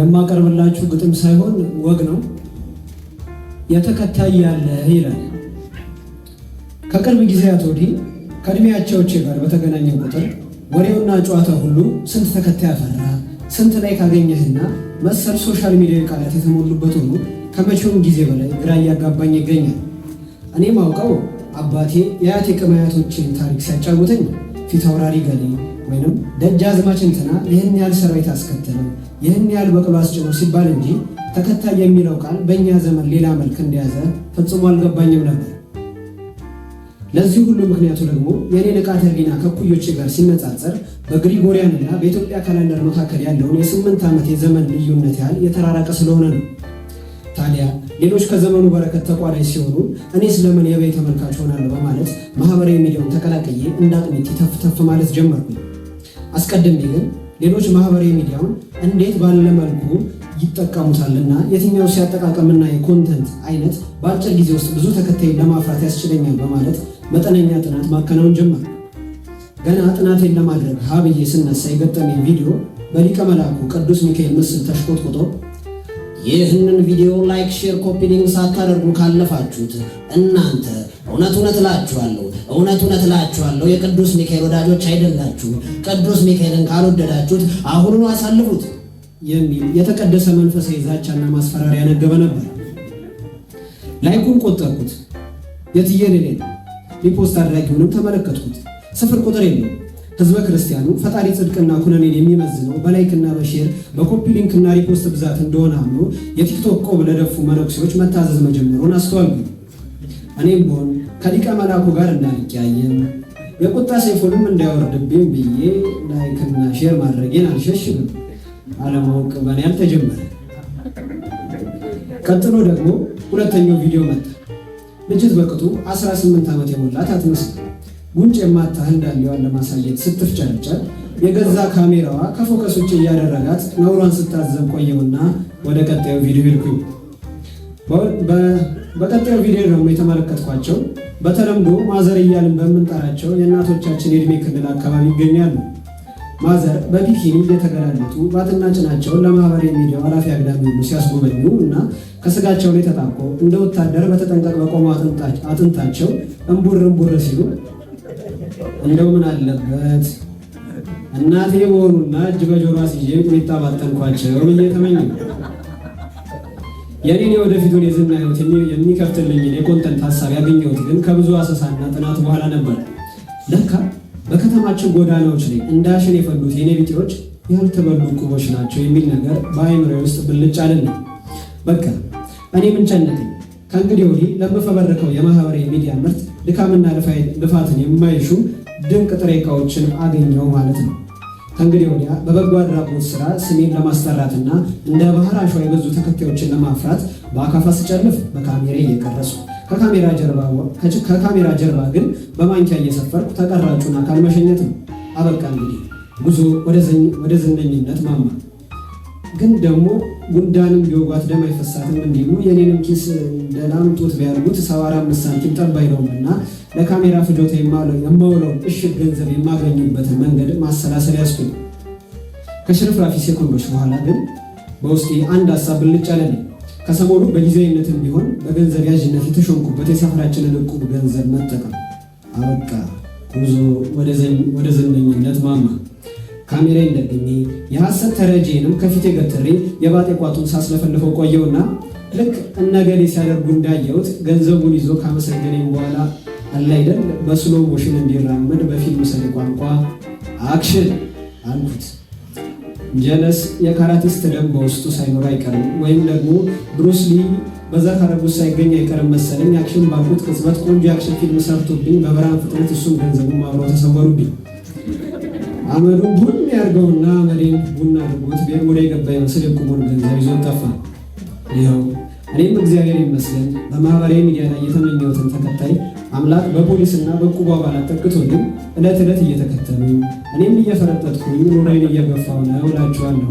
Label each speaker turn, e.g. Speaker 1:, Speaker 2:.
Speaker 1: የማቀርብላችሁ ግጥም ሳይሆን ወግ ነው። የተከታይ ያለ ይላል። ከቅርብ ጊዜያት ወዲህ ከእድሜያቸዎቼ ጋር በተገናኘ ቁጥር ወሬውና ጨዋታ ሁሉ ስንት ተከታይ አፈራ፣ ስንት ላይ ካገኘህና መሰል ሶሻል ሚዲያ ቃላት የተሞሉበት ሆኖ ከመቼውም ጊዜ በላይ ግራ እያጋባኝ ይገኛል። እኔ ማውቀው አባቴ የአያቴ ቅማያቶችን ታሪክ ሲያጫውተኝ ፊት አውራሪ ገሌ ወይም ደጃዝማች እንትና ይህን ያህል ሰራዊት አስከተለ፣ ይህን ያህል በቅሎ አስጭኖ ሲባል እንጂ ተከታይ የሚለው ቃል በእኛ ዘመን ሌላ መልክ እንደያዘ ፈጽሞ አልገባኝም ነበር። ለዚህ ሁሉ ምክንያቱ ደግሞ የእኔ ንቃተ ህሊና ከኩዮቼ ጋር ሲነጻጸር በግሪጎሪያን እና በኢትዮጵያ ካላንደር መካከል ያለውን የስምንት ዓመት የዘመን ልዩነት ያህል የተራራቀ ስለሆነ ነው። ታዲያ ሌሎች ከዘመኑ በረከት ተቋዳጅ ሲሆኑ እኔ ስለምን የበይ ተመልካች ሆናለሁ በማለት ማህበራዊ ሚዲያውን ተቀላቅዬ እንደ አጥሚት ተፍተፍ ማለት ጀመርኩኝ። አስቀድሜ ግን ሌሎች ማህበራዊ ሚዲያውን እንዴት ባለ መልኩ ይጠቀሙታልና የትኛው ሲያጠቃቀምና የኮንተንት አይነት በአጭር ጊዜ ውስጥ ብዙ ተከታይ ለማፍራት ያስችለኛል በማለት መጠነኛ ጥናት ማከናወን ጀመር። ገና ጥናቴን ለማድረግ ሀብዬ ስነሳ የገጠመኝ ቪዲዮ በሊቀ መላኩ ቅዱስ ሚካኤል ምስል ተሽቆጥቁጦ ይህንን ቪዲዮ ላይክ፣ ሼር፣ ኮፒ ሊንክ ሳታደርጉ ካለፋችሁት እናንተ እውነት እውነት እላችኋለሁ እውነት እውነት እላችኋለሁ የቅዱስ ሚካኤል ወዳጆች አይደላችሁም። ቅዱስ ሚካኤልን ካልወደዳችሁት አሁኑ አሳልፉት የሚል የተቀደሰ መንፈሳዊ ዛቻና ማስፈራሪያ ያነገበ ነበር። ላይኩን ቆጠርኩት። የትየለሌ ሪፖስት አድራጊውንም ተመለከትኩት። ስፍር ቁጥር የለውም። ህዝበ ክርስቲያኑ ፈጣሪ ጽድቅና ኩነኔን የሚመዝነው በላይክና በሼር በኮፒሊንክና ሪፖስት ብዛት እንደሆነ አምኖ የቲክቶክ ቆብ ለደፉ መነኩሴዎች መታዘዝ መጀመሩን አስተዋሉ። እኔም ሆን ከሊቀ መላኩ ጋር እንዳልቀያየም የቁጣ ሰይፉንም እንዳይወርድብኝ ብዬ ላይክና ሼር ማድረጌን አልሸሽብም። አለማወቅ በኔ አልተጀመረ። ቀጥሎ ደግሞ ሁለተኛው ቪዲዮ መጣ። ልጅት በቅጡ 18 ዓመት የሞላት አትመስል ጉንጭ የማታህል እንዳለዋን ለማሳየት ስትፍጨረጨር የገዛ ካሜራዋ ከፎከስ ውጭ እያደረጋት ነውሯን ስታዘብ ቆየውና ወደ ቀጣዩ ቪዲዮ ይልኩኝ። በቀጣዩ ቪዲዮ ደግሞ የተመለከትኳቸው በተለምዶ ማዘር እያልን በምንጠራቸው የእናቶቻችን የእድሜ ክልል አካባቢ ይገኛሉ። ማዘር በቢኪኒ እየተገላለጡ ባትና ጭናቸውን ለማህበራዊ ሚዲያው ኃላፊ አግዳሚ ሁሉ ሲያስጎበኙ እና ከስጋቸው ላይ ተጣብቆ እንደ ወታደር በተጠንቀቅ በቆመ አጥንታቸው እምቡር እምቡር ሲሉ እንደው ምን አለበት እናቴ በሆኑና እጅ በጆሮ አስይዤ ቁጣ ባጠንኳቸው ብዬ ተመኘሁ። የኔን የወደፊቱን የዝና ሕይወት የሚከፍትልኝን የኮንተንት ሀሳብ ያገኘሁት ግን ከብዙ አሰሳና ጥናት በኋላ ነበር። ለካ በከተማችን ጎዳናዎች ላይ እንዳሽን የፈሉት የኔ ቢጤዎች ያልተበሉ ቁቦች ናቸው የሚል ነገር በአይምሬ ውስጥ ብልጭ አለና በቃ እኔ ምን ጨነቀኝ። ከእንግዲህ ወዲህ ለምፈበረከው የማህበራዊ ሚዲያ ምርት ድካምና ልፋትን የማይሹ ድንቅ ጥሬ እቃዎችን አገኘው ማለት ነው። ከእንግዲህ ወዲያ በበጎ አድራጎት ስራ ስሜን ለማስጠራትና እንደ ባህር አሸዋ የበዙ ተከታዮችን ለማፍራት በአካፋ ስጨልፍ በካሜራ እየቀረሱ ከካሜራ ጀርባ ግን በማንኪያ እየሰፈርኩ ተቀራጩን አካል መሸኘት ነው። አበቃ እንግዲህ ጉዞ ወደ ዝነኝነት ማማ ግን ደግሞ ጉንዳንም ቢወጓት ደም አይፈሳትም እንዲሉ የኔንም ኪስ እንደላም ጡት ቢያርጉት ሰባራ አምስት ሳንቲም ጠባይ ነው እና ለካሜራ ፍጆታ የማውለው እሽግ ገንዘብ የማገኝበትን መንገድ ማሰላሰል ያስኩ ከሽርፍራፊ ሴኮንዶች በኋላ ግን በውስጤ አንድ ሀሳብ ብልጭ አለልኝ። ከሰሞኑ በጊዜያዊነትም ቢሆን በገንዘብ ያዥነት የተሾምኩበት የሰፈራችንን እቁብ ገንዘብ መጠቀም አበቃ ጉዞ ወደ ዘነኝነት ማማ ካሜራ እንደብኝ የሐሰት ተረጂንም ከፊቴ ገትሬ የባጤ ቋጡን ሳስለፈልፈው ቆየውና ልክ እነገሌ ሲያደርጉ እንዳየሁት ገንዘቡን ይዞ ካመሰገነኝ በኋላ አላይደል በስሎ ሞሽን እንዲራመድ በፊልም ሰሪ ቋንቋ አክሽን አልኩት። ጀለስ የካራቲስት ደም በውስጡ ሳይኖር አይቀርም ወይም ደግሞ ብሩስሊ በዛ ካረጉ ውስጥ ሳይገኝ አይቀርም መሰለኝ። አክሽን ባልኩት ቅጽበት ቆንጆ የአክሽን ፊልም ሰርቶብኝ በብርሃን ፍጥነት እሱም ገንዘቡ አብረው ተሰወሩብኝ። አመዱ ቡን ያርገውና መሬን ቡና አድርጎት ቤርሙዳ የገባ ይመስል የቁሙን ገንዘብ ይዞ ጠፋ። ይኸው እኔም እግዚአብሔር ይመስገን በማህበራዊ ሚዲያ ላይ የተመኘሁትን ተከታይ አምላክ በፖሊስና በቁቡ አባላት ጠቅቶልኝ እለት እለት እየተከተሉ እኔም እየፈረጠጥኩኝ ኑሮዬን እየገፋው ነው እላችኋለሁ።